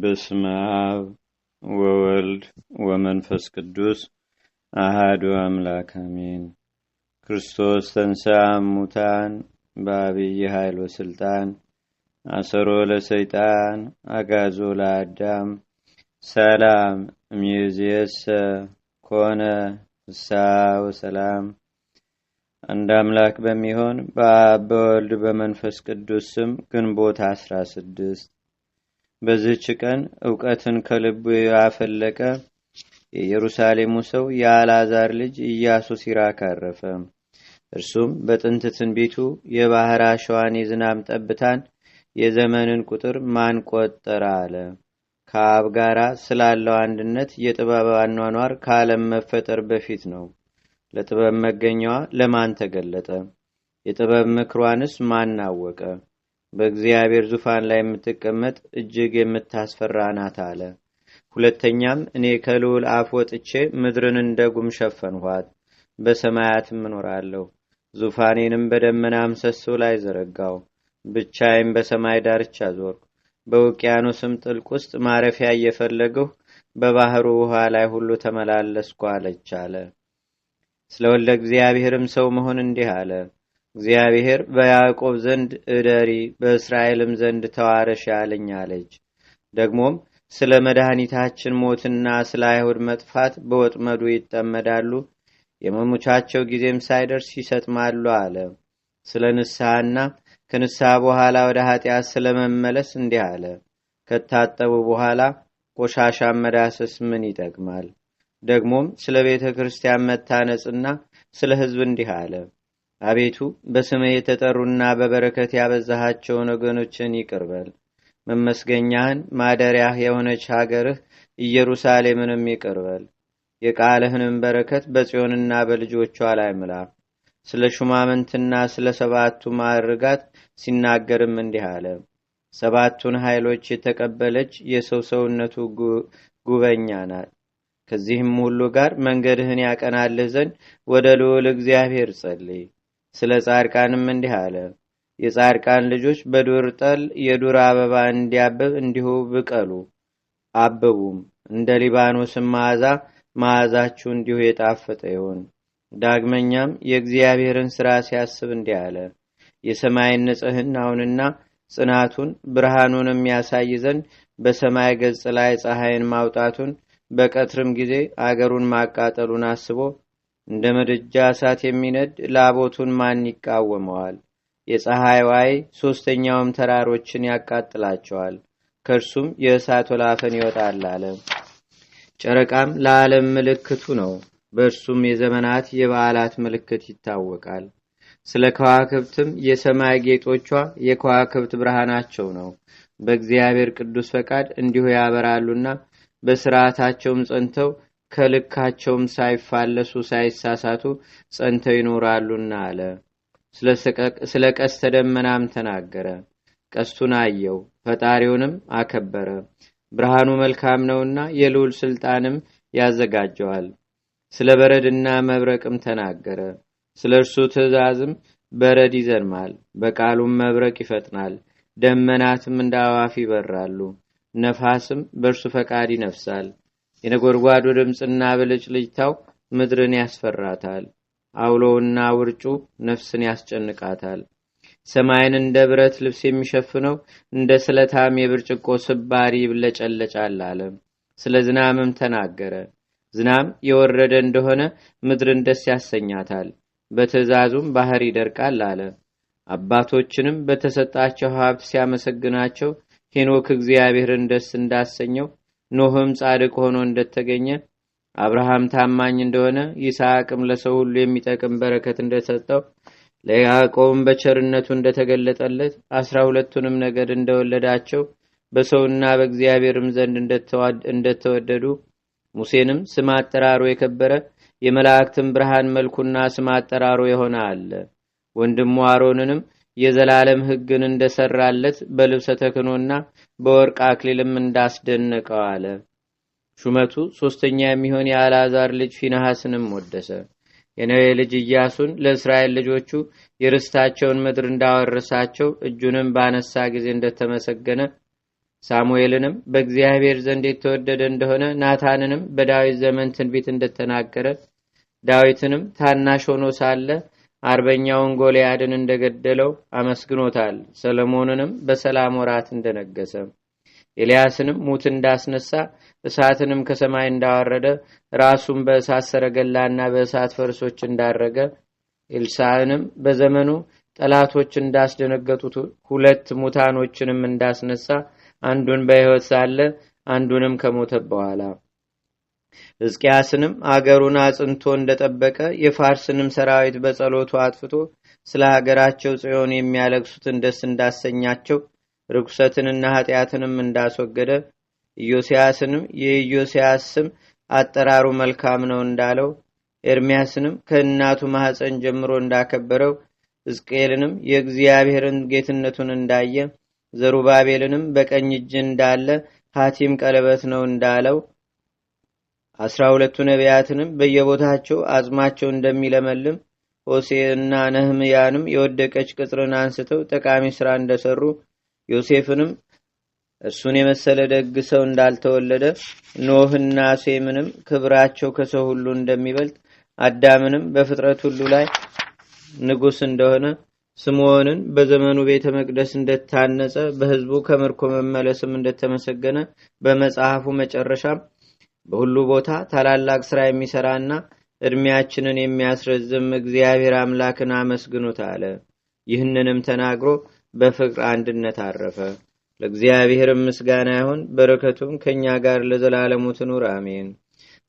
በስመ አብ ወወልድ ወመንፈስ ቅዱስ አህዱ አምላክ አሜን። ክርስቶስ ተንሳ ሙታን በአብይ ኃይል ወስልጣን አሰሮ ለሰይጣን አጋዞ ለአዳም ሰላም ሚዝየሰ ኮነ ፍስሐ ወሰላም። አንድ አምላክ በሚሆን በአብ በወልድ በመንፈስ ቅዱስ ስም ግንቦት አስራ ስድስት በዚህች ቀን እውቀትን ከልቡ ያፈለቀ የኢየሩሳሌሙ ሰው የአልዓዛር ልጅ ኢያሱ ሲራክ አረፈ። እርሱም በጥንት ትንቢቱ የባህር አሸዋን የዝናም ጠብታን የዘመንን ቁጥር ማን ቆጠረ አለ። ከአብ ጋራ ስላለው አንድነት የጥበብ አኗኗር ከዓለም መፈጠር በፊት ነው። ለጥበብ መገኛዋ ለማን ተገለጠ? የጥበብ ምክሯንስ ማን አወቀ? በእግዚአብሔር ዙፋን ላይ የምትቀመጥ እጅግ የምታስፈራ ናት አለ። ሁለተኛም እኔ ከልዑል አፍ ወጥቼ ምድርን እንደ ጉም ሸፈንኋት፣ በሰማያትም እኖራለሁ። ዙፋኔንም በደመና ምሰሶ ላይ ዘረጋው፣ ብቻይም በሰማይ ዳርቻ ዞርኩ። በውቅያኖስም ጥልቅ ውስጥ ማረፊያ እየፈለግሁ በባህሩ ውኃ ላይ ሁሉ ተመላለስኩ አለች አለ። ስለ እግዚአብሔርም ሰው መሆን እንዲህ አለ። እግዚአብሔር በያዕቆብ ዘንድ እደሪ በእስራኤልም ዘንድ ተዋረሽ ያለኝ አለች። ደግሞም ስለ መድኃኒታችን ሞትና ስለ አይሁድ መጥፋት በወጥመዱ ይጠመዳሉ፣ የመሙቻቸው ጊዜም ሳይደርስ ይሰጥማሉ አለ። ስለ ንስሐና ከንስሐ በኋላ ወደ ኃጢአት ስለ መመለስ እንዲህ አለ። ከታጠቡ በኋላ ቆሻሻ መዳሰስ ምን ይጠቅማል? ደግሞም ስለ ቤተ ክርስቲያን መታነጽና ስለ ህዝብ እንዲህ አለ። አቤቱ በስምህ የተጠሩና በበረከት ያበዛሃቸውን ወገኖችን ይቅርበል መመስገኛህን ማደሪያህ የሆነች ሀገርህ ኢየሩሳሌምንም ይቅርበል የቃልህንም በረከት በጽዮንና በልጆቿ ላይ ምላ ስለ ሹማምንትና ስለ ሰባቱ ማርጋት ሲናገርም እንዲህ አለ ሰባቱን ኃይሎች የተቀበለች የሰው ሰውነቱ ጉበኛ ናት ከዚህም ሁሉ ጋር መንገድህን ያቀናልህ ዘንድ ወደ ልዑል እግዚአብሔር ጸልይ ስለ ጻድቃንም እንዲህ አለ። የጻድቃን ልጆች በዱር ጠል የዱር አበባ እንዲያብብ እንዲሁ ብቀሉ አብቡም፣ እንደ ሊባኖስም መዓዛ መዓዛችሁ እንዲሁ የጣፈጠ ይሁን። ዳግመኛም የእግዚአብሔርን ሥራ ሲያስብ እንዲህ አለ። የሰማይን ንጽህናውንና ጽናቱን ብርሃኑንም ያሳይ ዘንድ በሰማይ ገጽ ላይ ፀሐይን ማውጣቱን በቀትርም ጊዜ አገሩን ማቃጠሉን አስቦ እንደ ምድጃ እሳት የሚነድ ላቦቱን ማን ይቃወመዋል? የፀሐይ ዋይ ሦስተኛውም ተራሮችን ያቃጥላቸዋል፣ ከእርሱም የእሳት ወላፈን ይወጣል አለ። ጨረቃም ለዓለም ምልክቱ ነው፣ በእርሱም የዘመናት የበዓላት ምልክት ይታወቃል። ስለ ከዋክብትም የሰማይ ጌጦቿ የከዋክብት ብርሃናቸው ነው። በእግዚአብሔር ቅዱስ ፈቃድ እንዲሁ ያበራሉና በስርዓታቸውም ጸንተው ከልካቸውም ሳይፋለሱ ሳይሳሳቱ ጸንተው ይኖራሉና አለ። ስለ ቀስተ ደመናም ተናገረ። ቀስቱን አየው፣ ፈጣሪውንም አከበረ። ብርሃኑ መልካም ነውና የልዑል ስልጣንም ያዘጋጀዋል። ስለ በረድና መብረቅም ተናገረ። ስለ እርሱ ትእዛዝም በረድ ይዘንማል፣ በቃሉም መብረቅ ይፈጥናል። ደመናትም እንደ አዋፍ ይበራሉ፣ ነፋስም በእርሱ ፈቃድ ይነፍሳል። የነጎድጓዶ ድምፅና ብልጭልጭታው ምድርን ያስፈራታል። አውሎውና ውርጩ ነፍስን ያስጨንቃታል። ሰማይን እንደ ብረት ልብስ የሚሸፍነው እንደ ስለታም የብርጭቆ ስባሪ ይብለጨለጫል አለ። ስለ ዝናምም ተናገረ። ዝናም የወረደ እንደሆነ ምድርን ደስ ያሰኛታል። በትእዛዙም ባህር ይደርቃል አለ። አባቶችንም በተሰጣቸው ሀብት ሲያመሰግናቸው ሄኖክ እግዚአብሔርን ደስ እንዳሰኘው ኖህም ጻድቅ ሆኖ እንደተገኘ አብርሃም ታማኝ እንደሆነ ይስሐቅም ለሰው ሁሉ የሚጠቅም በረከት እንደሰጠው ለያዕቆብም በቸርነቱ እንደተገለጠለት አስራ ሁለቱንም ነገድ እንደወለዳቸው በሰውና በእግዚአብሔርም ዘንድ እንደተወደዱ ሙሴንም ስም አጠራሩ የከበረ የመላእክትን ብርሃን መልኩና ስም አጠራሩ የሆነ አለ። ወንድሙ አሮንንም የዘላለም ህግን እንደሰራለት በልብሰ ተክኖና በወርቅ አክሊልም እንዳስደነቀው አለ። ሹመቱ ሦስተኛ የሚሆን የአልዓዛር ልጅ ፊንሐስንም ወደሰ። የነዌ ልጅ ኢያሱን ለእስራኤል ልጆቹ የርስታቸውን ምድር እንዳወረሳቸው እጁንም ባነሳ ጊዜ እንደተመሰገነ ሳሙኤልንም በእግዚአብሔር ዘንድ የተወደደ እንደሆነ ናታንንም በዳዊት ዘመን ትንቢት እንደተናገረ ዳዊትንም ታናሽ ሆኖ ሳለ አርበኛውን ጎልያድን እንደገደለው አመስግኖታል። ሰለሞንንም በሰላም ወራት እንደነገሰ ኤልያስንም ሙት እንዳስነሳ እሳትንም ከሰማይ እንዳወረደ ራሱን በእሳት ሰረገላና በእሳት ፈርሶች እንዳረገ ኤልሳዕንም በዘመኑ ጠላቶች እንዳስደነገጡት ሁለት ሙታኖችንም እንዳስነሳ አንዱን በሕይወት ሳለ አንዱንም ከሞተ በኋላ ሕዝቅያስንም አገሩን አጽንቶ እንደጠበቀ የፋርስንም ሰራዊት በጸሎቱ አጥፍቶ ስለ ሀገራቸው ጽዮን የሚያለግሱትን ደስ እንዳሰኛቸው ርኩሰትንና ኃጢአትንም እንዳስወገደ ኢዮስያስንም የኢዮስያስ ስም አጠራሩ መልካም ነው እንዳለው ኤርሚያስንም ከእናቱ ማኅፀን ጀምሮ እንዳከበረው ሕዝቅኤልንም የእግዚአብሔርን ጌትነቱን እንዳየ ዘሩባቤልንም በቀኝ እጅ እንዳለ ሀቲም ቀለበት ነው እንዳለው አስራ ሁለቱ ነቢያትንም በየቦታቸው አጽማቸው እንደሚለመልም ሆሴና ነህምያንም የወደቀች ቅጥርን አንስተው ጠቃሚ ስራ እንደሰሩ ዮሴፍንም እርሱን የመሰለ ደግ ሰው እንዳልተወለደ ኖህና ሴምንም ክብራቸው ከሰው ሁሉ እንደሚበልጥ አዳምንም በፍጥረት ሁሉ ላይ ንጉስ እንደሆነ ስምዖንን በዘመኑ ቤተ መቅደስ እንደታነጸ በህዝቡ ከምርኮ መመለስም እንደተመሰገነ በመጽሐፉ መጨረሻም በሁሉ ቦታ ታላላቅ ሥራ የሚሠራና ዕድሜያችንን የሚያስረዝም እግዚአብሔር አምላክን አመስግኑት አለ። ይህንንም ተናግሮ በፍቅር አንድነት አረፈ። ለእግዚአብሔር ምስጋና ይሁን፣ በረከቱም ከእኛ ጋር ለዘላለሙ ትኑር አሜን።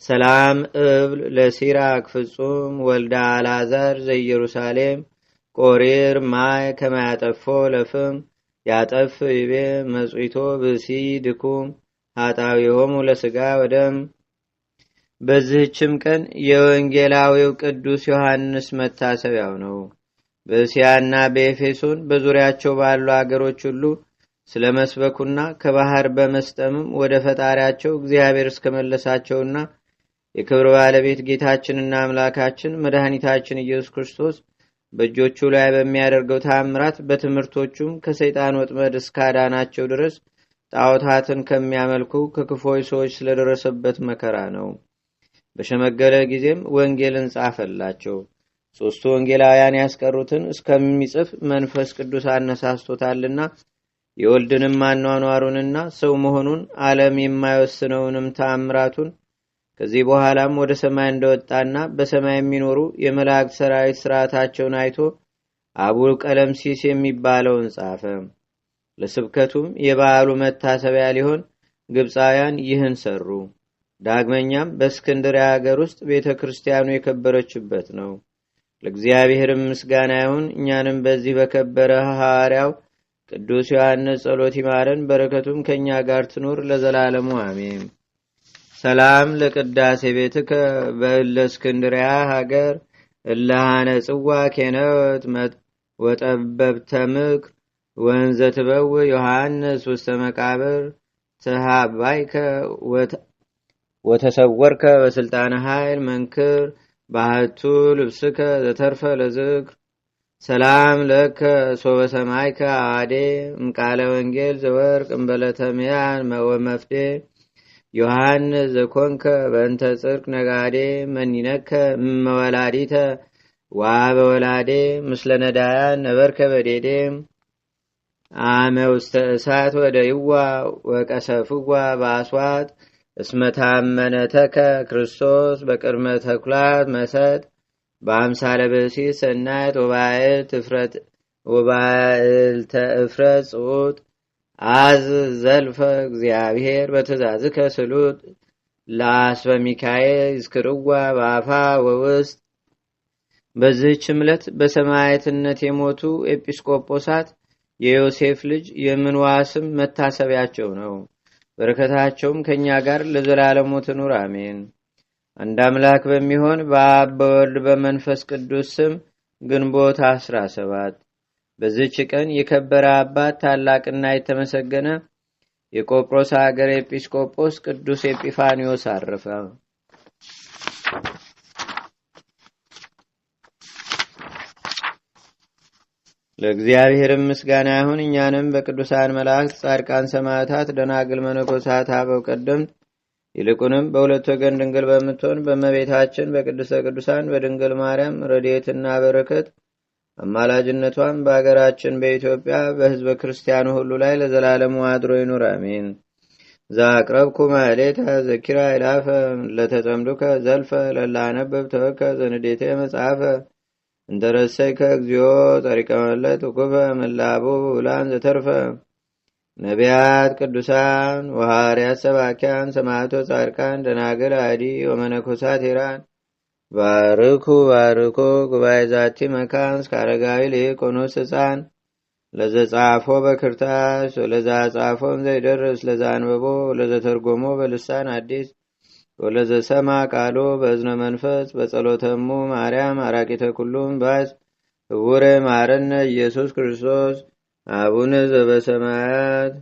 ሰላም እብል ለሲራክ ፍጹም ወልዳ አልዓዛር ዘኢየሩሳሌም ቆሪር ማይ ከማያጠፎ ለፍም ያጠፍ ይቤ መጽቶ ብሲ ድኩም አጣዊሆሙ ለስጋ ወደም በዚህችም ቀን የወንጌላዊው ቅዱስ ዮሐንስ መታሰቢያው ነው። በእስያና በኤፌሶን በዙሪያቸው ባሉ አገሮች ሁሉ ስለ መስበኩና ከባህር በመስጠምም ወደ ፈጣሪያቸው እግዚአብሔር እስከመለሳቸውና የክብር ባለቤት ጌታችንና አምላካችን መድኃኒታችን ኢየሱስ ክርስቶስ በእጆቹ ላይ በሚያደርገው ታምራት በትምህርቶቹም ከሰይጣን ወጥመድ እስካዳናቸው ድረስ ጣዖታትን ከሚያመልኩ ከክፎች ሰዎች ስለደረሰበት መከራ ነው። በሸመገለ ጊዜም ወንጌልን ጻፈላቸው። ሦስቱ ወንጌላውያን ያስቀሩትን እስከሚጽፍ መንፈስ ቅዱስ አነሳስቶታልና የወልድንም ማኗኗሩንና ሰው መሆኑን ዓለም የማይወስነውንም ተአምራቱን ከዚህ በኋላም ወደ ሰማይ እንደወጣና በሰማይ የሚኖሩ የመላእክት ሰራዊት ስርዓታቸውን አይቶ አቡ ቀለምሲስ የሚባለውን ጻፈ። ለስብከቱም የበዓሉ መታሰቢያ ሊሆን ግብፃውያን ይህን ሰሩ። ዳግመኛም በእስክንድሪያ አገር ውስጥ ቤተ ክርስቲያኑ የከበረችበት ነው። ለእግዚአብሔርም ምስጋና ይሁን። እኛንም በዚህ በከበረ ሐዋርያው ቅዱስ ዮሐንስ ጸሎት ይማረን፣ በረከቱም ከእኛ ጋር ትኑር ለዘላለሙ አሜን። ሰላም ለቅዳሴ ቤትከ በእለ ሀገር እለ ጽዋ ኬነት ወጠበብተ ወንዘ ትበው ዮሐንስ ውስተ መቃብር ተሃባይከ ወተሰወርከ በስልጣነ ኃይል መንክር ባህቱ ልብስከ ዘተርፈ ለዝክር ሰላም ለከ ሶበ ሰማይከ አዴ እምቃለ ወንጌል ዘወርቅ እምበለተምያን ወመፍዴ ዮሐንስ ዘኮንከ በእንተ ጽርቅ ነጋዴ መኒነከ እመወላዲተ ዋበወላዴ ምስለ ነዳያን ነበርከ በዴዴም አመ ውስተ እሳት ወደ ይዋ ወቀሰፍዋ በአስዋት ተከ ክርስቶስ በቅድመ ተኩላት መሰጥ በአምሳለ ብእሲ ሰናይት ወባዕልተ ተእፍረት ጽዑት አዝ ዘልፈ እግዚአብሔር በትእዛዝ ስሉጥ ላስ በሚካኤል ይዝክርዋ በአፋ ወውስጥ በዚህች ዕለት በሰማዕትነት የሞቱ ኤጲስቆጶሳት የዮሴፍ ልጅ የምንዋስም መታሰቢያቸው ነው። በረከታቸውም ከእኛ ጋር ለዘላለሙ ትኑር አሜን። አንድ አምላክ በሚሆን በአብ በወልድ በመንፈስ ቅዱስ ስም ግንቦት አስራ ሰባት በዚች ቀን የከበረ አባት ታላቅና የተመሰገነ የቆጵሮስ አገር ኤጲስቆጶስ ቅዱስ ኤጲፋኒዮስ አረፈ። ለእግዚአብሔርም ምስጋና ይሁን። እኛንም በቅዱሳን መላእክት፣ ጻድቃን፣ ሰማዕታት፣ ደናግል፣ መነኮሳት፣ አበው ቀደምት ይልቁንም በሁለት ወገን ድንግል በምትሆን በእመቤታችን በቅድስተ ቅዱሳን በድንግል ማርያም ረድኤትና በረከት አማላጅነቷም በአገራችን በኢትዮጵያ በሕዝበ ክርስቲያኑ ሁሉ ላይ ለዘላለሙ አድሮ ይኑር፣ አሜን። ዛቅረብኩ ማዕሌተ ዘኪራ ይላፈ ለተጸምዱከ ዘልፈ ለላነበብ ተወከ ዘንዴቴ መጽሐፈ እንተ ከእግዚኦ እግዚኦ ጸሪቀመለት ውክበ ምላቡ ብላን ዘተርፈ ነቢያት ቅዱሳን ወሃርያት ሰባኪያን ሰማቶ ጻድቃን ደናግል አዲ ወመነኮሳት ሄራን ባርኩ ባርኩ ጉባኤ ዛቲ መካን እስከ አረጋዊ ህፃን ለዘጻፎ በክርታስ ወለዛ ጻፎም ዘይደርስ ለዛ አንብቦ ለዘተርጎሞ በልሳን አዲስ ወለዘሰማ ቃሎ በእዝነ መንፈስ በጸሎተሙ ማርያም አራቂተ ኩሉም ባዝ እውረ ማረነ ኢየሱስ ክርስቶስ አቡነ ዘበሰማያት